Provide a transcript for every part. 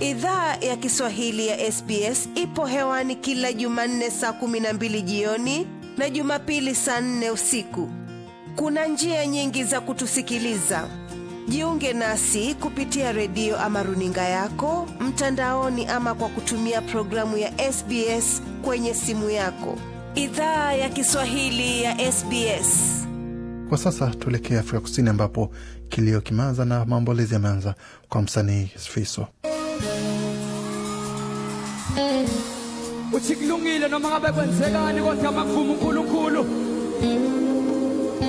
Idhaa ya Kiswahili ya SBS ipo hewani kila Jumanne saa kumi na mbili jioni na Jumapili saa nne usiku. Kuna njia nyingi za kutusikiliza. Jiunge nasi kupitia redio ama runinga yako mtandaoni, ama kwa kutumia programu ya SBS kwenye simu yako. Idhaa ya Kiswahili ya SBS. Kwa sasa tuelekea Afrika Kusini ambapo kilio kimeanza na maombolezi yameanza kwa msanii Sifiso uthi kulungile noma ngabe kwenzekani kodwa makuvuma uNkulunkulu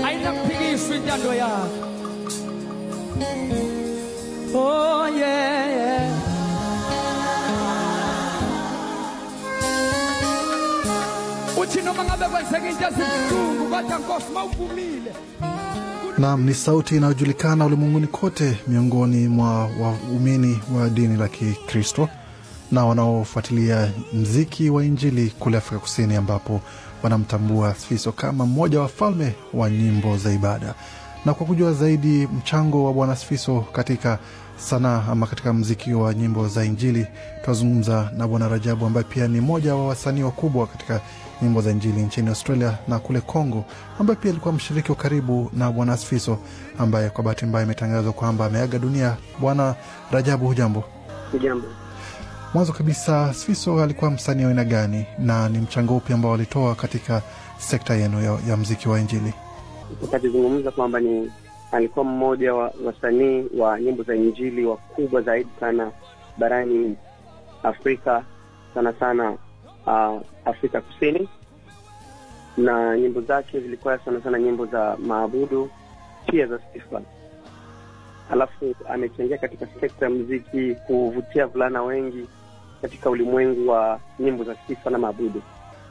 ayinakuphikiswa intando yakhe oh yeah, yeah. uthi noma ngabe kwenzeka into ezibuhlungu kodwa nkosi mawuvumile Naam, ni sauti inayojulikana ulimwenguni kote miongoni mwa waumini wa dini la Kikristo na wanaofuatilia mziki wa Injili kule Afrika Kusini, ambapo wanamtambua Sifiso kama mmoja wa falme wa nyimbo za ibada. Na kwa kujua zaidi mchango wa Bwana Sifiso katika sanaa ama katika mziki wa nyimbo za Injili, tunazungumza na Bwana Rajabu ambaye pia ni mmoja wa wasanii wakubwa katika nyimbo za Injili nchini Australia na kule Congo, ambaye pia alikuwa mshiriki wa karibu na Bwana Sifiso ambaye kwa bahati mbaya imetangazwa kwamba ameaga dunia. Bwana Rajabu, hujambo? Hujambo. Mwanzo kabisa Sfiso alikuwa msanii wa aina gani na ni mchango upi ambao alitoa katika sekta yenu ya, ya mziki wa Injili? Ukatizungumza kwamba ni alikuwa mmoja wa wasanii wa nyimbo za Injili wakubwa zaidi sana barani Afrika, sana sana uh, Afrika Kusini, na nyimbo zake zilikuwa sana sana nyimbo za maabudu pia za sifa. Alafu amechangia katika sekta ya muziki kuvutia vulana wengi katika ulimwengu wa nyimbo za sifa na maabudu.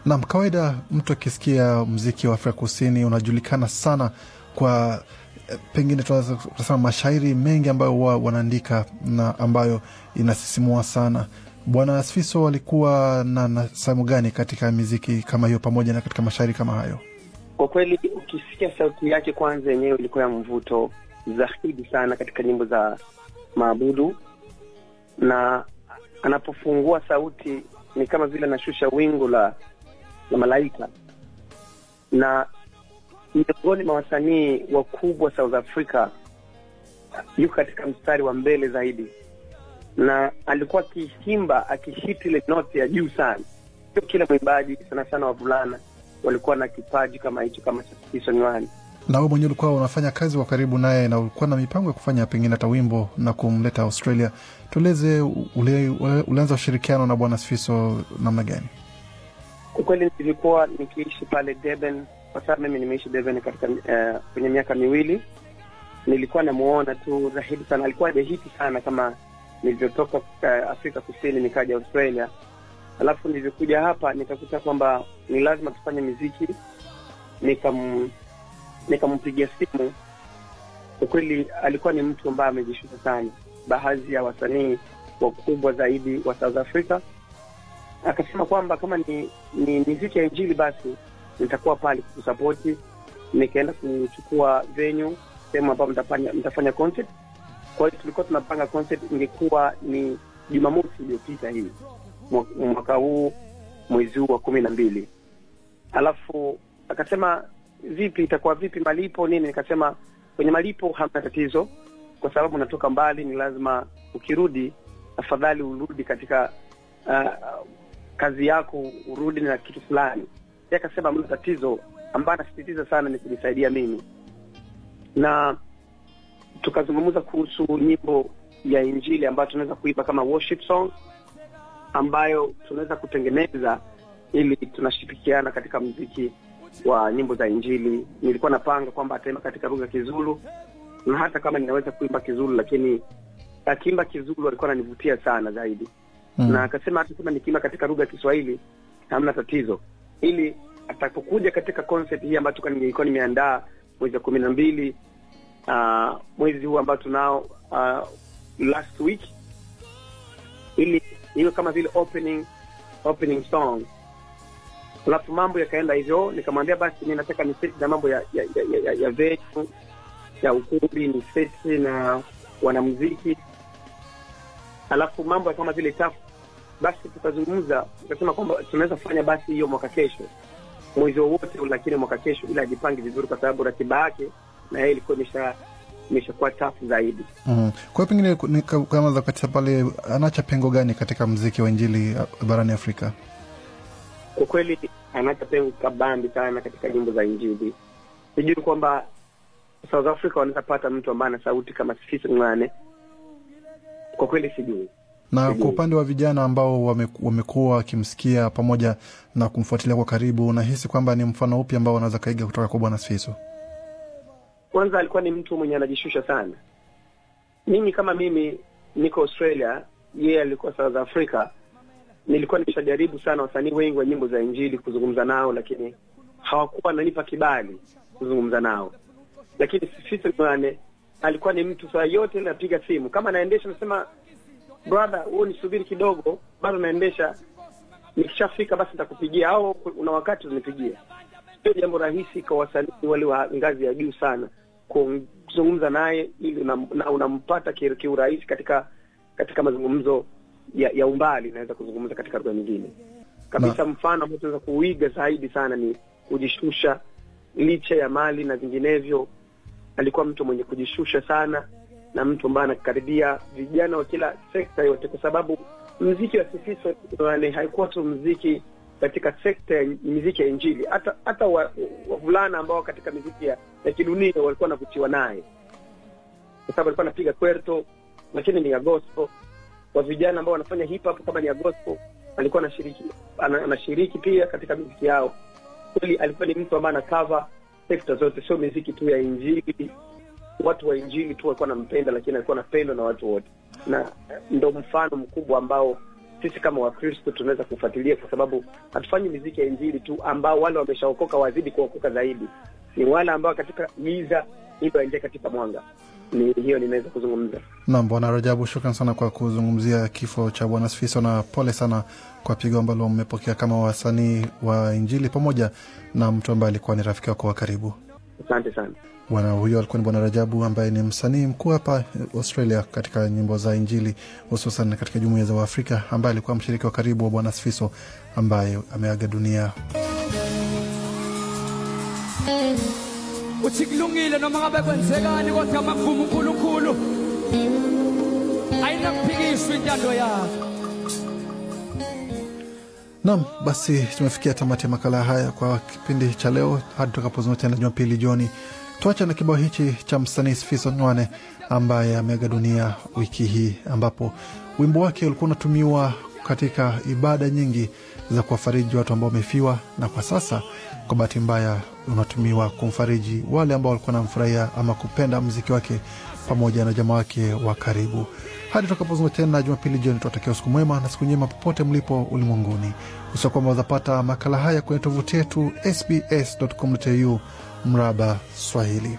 Nam, kawaida mtu akisikia mziki wa Afrika Kusini unajulikana sana kwa eh, pengine tunaweza kusema mashairi mengi ambayo huwa wanaandika na ambayo inasisimua sana. Bwana Sfiso alikuwa na, na sehemu gani katika miziki kama hiyo pamoja na katika mashairi kama hayo? Kwa kweli ukisikia sauti yake kwanza, yenyewe ilikuwa ya mvuto zaidi sana katika nyimbo za maabudu na anapofungua sauti ni kama vile anashusha wingu la la malaika, na miongoni mwa wasanii wakubwa South Africa yuko katika mstari wa mbele zaidi, na alikuwa akiimba akihit ile noti ya juu sana. Sio kila mwimbaji, sana sana wavulana walikuwa na kipaji kama hicho, kama cha Samson na wewe mwenyewe ulikuwa unafanya kazi kwa karibu naye na ulikuwa na mipango ya kufanya pengine hata wimbo na kumleta Australia. Tueleze ule, ule, ulianza ushirikiano na Bwana Sifiso namna gani? Kwa kweli nilikuwa nikiishi pale Deben kwa sababu mimi nimeishi Deben katika uh, kwenye miaka miwili. Nilikuwa namuona tu rahidi sana, alikuwa hajahiti sana kama nilivyotoka uh, Afrika Kusini nikaja Australia, alafu nilivyokuja hapa nikakuta kwamba ni lazima tufanye miziki nikam nikampigia simu. Kwa kweli alikuwa ni mtu ambaye amejishusha sana, baadhi ya wasanii wakubwa zaidi wa South Africa. Akasema kwamba kama ni, ni miziki ya injili basi nitakuwa pale kusapoti. Nikaenda kuchukua venue sehemu ambayo mtafanya, mtafanya concert. Kwa hiyo tulikuwa tunapanga concert ingekuwa ni Jumamosi iliyopita hii mwaka huu mwezi huu wa kumi na mbili alafu akasema vipi, itakuwa vipi malipo nini? Nikasema kwenye malipo hamna tatizo, kwa sababu unatoka mbali, ni lazima ukirudi, afadhali urudi katika uh, kazi yako, urudi na kitu fulani. Yeye akasema hamna tatizo, ambayo anasisitiza sana ni kunisaidia mimi, na tukazungumza kuhusu nyimbo ya Injili ambayo tunaweza kuipa kama worship song ambayo tunaweza kutengeneza ili tunashirikiana katika mziki wa nyimbo za Injili. Nilikuwa napanga kwamba ataimba katika lugha Kizulu, na hata kama ninaweza kuimba Kizulu, lakini akiimba Kizulu alikuwa ananivutia sana zaidi mm. na akasema hata kama nikiimba katika lugha ya Kiswahili hamna tatizo, ili atapokuja katika concert hii ambayo nilikuwa nimeandaa mwezi wa kumi na mbili uh, mwezi huu ambao tunao uh, last week, ili iwe kama vile opening opening song Alafu mambo yakaenda hivyo, nikamwambia basi mi nataka ni seti na mambo ya ya ya, ya, ya ya, venyu ya ukumbi ni seti na wanamziki alafu mambo ya kama vile tafu. Basi tukazungumza tukasema kwamba tunaweza kufanya basi hiyo mwaka kesho, mwezi wowote, lakini mwaka kesho, ila ajipangi vizuri, kwa sababu ratiba yake na yeye ilikuwa imesha imeshakuwa tafu zaidi. Mm. Kwa hiyo pengine kamaza za pale, anacha pengo gani katika mziki wa injili barani Afrika? Kwa kweli anachapenga bambi sana katika nyimbo za Injili. Sijui kwamba South Africa wanaweza pata mtu ambaye ana sauti kama Sifisi Mng'ane, kwa kweli sijui na kwa upande wa vijana ambao wamekuwa wakimsikia pamoja na kumfuatilia kwa karibu, unahisi kwamba ni mfano upi ambao wanaweza kaiga kutoka kwa Bwana sfiso Kwanza alikuwa ni mtu mwenye anajishusha sana. Mimi kama mimi niko Australia, yeye alikuwa South Africa, nilikuwa nimeshajaribu sana wasanii wengi wa nyimbo za Injili kuzungumza nao, lakini hawakuwa wananipa kibali kuzungumza nao. Lakini sisi tunane, alikuwa ni mtu saa yote napiga simu, kama naendesha nasema, brother, huo nisubiri kidogo, bado naendesha, nikishafika basi nitakupigia au una wakati unipigia. Sio jambo rahisi kwa wasanii wale wa ngazi ya juu sana kuzungumza naye ili na unampata kiurahisi katika katika mazungumzo ya, ya umbali inaweza kuzungumza katika lugha nyingine kabisa. Mfano ambao tunaweza kuiga zaidi sana ni kujishusha, licha ya mali na vinginevyo. Alikuwa mtu mwenye kujishusha sana na mtu ambaye anakaribia vijana wa kila sekta yote, kwa sababu mziki wa Sifiso wale haikuwa tu mziki katika sekta ya miziki ya Injili, hata hata wavulana wa ambao katika mziki ya, ya kidunia walikuwa wanavutiwa naye, kwa sababu alikuwa anapiga kwerto, lakini ni ya gospel wa vijana ambao wanafanya hip hop kama ni ya gospel, alikuwa anashiriki anashiriki pia katika muziki yao. Kweli alikuwa ni mtu ambaye anakava cover sekta zote, sio muziki tu ya injili. Watu wa injili tu walikuwa wanampenda, lakini alikuwa anapendwa na watu wote, na ndo mfano mkubwa ambao sisi kama Wakristo tunaweza kufuatilia, kwa sababu hatufanyi miziki ya injili tu, ambao wale wameshaokoka wazidi kuokoka zaidi, ni wale ambao katika giza ili waingie katika mwanga ni hiyo nimeweza kuzungumza. Bwana Rajabu, shukran sana kwa kuzungumzia kifo cha Bwana Sifiso na pole sana kwa pigo ambalo mmepokea kama wasanii wa Injili pamoja na mtu ambaye alikuwa ni rafiki wako wa karibu. Asante sana. Bwana huyo alikuwa ni Bwana Rajabu ambaye ni msanii mkuu hapa Australia katika nyimbo za Injili hususan katika jumuiya za Waafrika, ambaye alikuwa mshiriki wa karibu wa Bwana Sifiso ambaye ameaga dunia uthi kulungile noma ngabe kwenzekani kodwa makuvuma uNkulunkulu ayinakuphikiswa intando yakho nam basi tumefikia tamati ya makala haya kwa kipindi cha leo. Hadi tutakapozungumza tena Jumapili jioni, tuacha na kibao hichi cha msanii Sifiso Nwane ambaye ameaga dunia wiki hii, ambapo wimbo wake ulikuwa unatumiwa katika ibada nyingi za kuwafariji watu ambao wamefiwa, na kwa sasa kwa bahati mbaya unatumiwa kumfariji wale ambao walikuwa namfurahia ama kupenda mziki wake pamoja na jamaa wake wa karibu. Hadi tutakapozungumza tena Jumapili jioni, tuwatakia usiku mwema na siku njema popote mlipo ulimwenguni. Usia kwamba utapata makala haya kwenye tovuti yetu sbs.com.au mraba Swahili.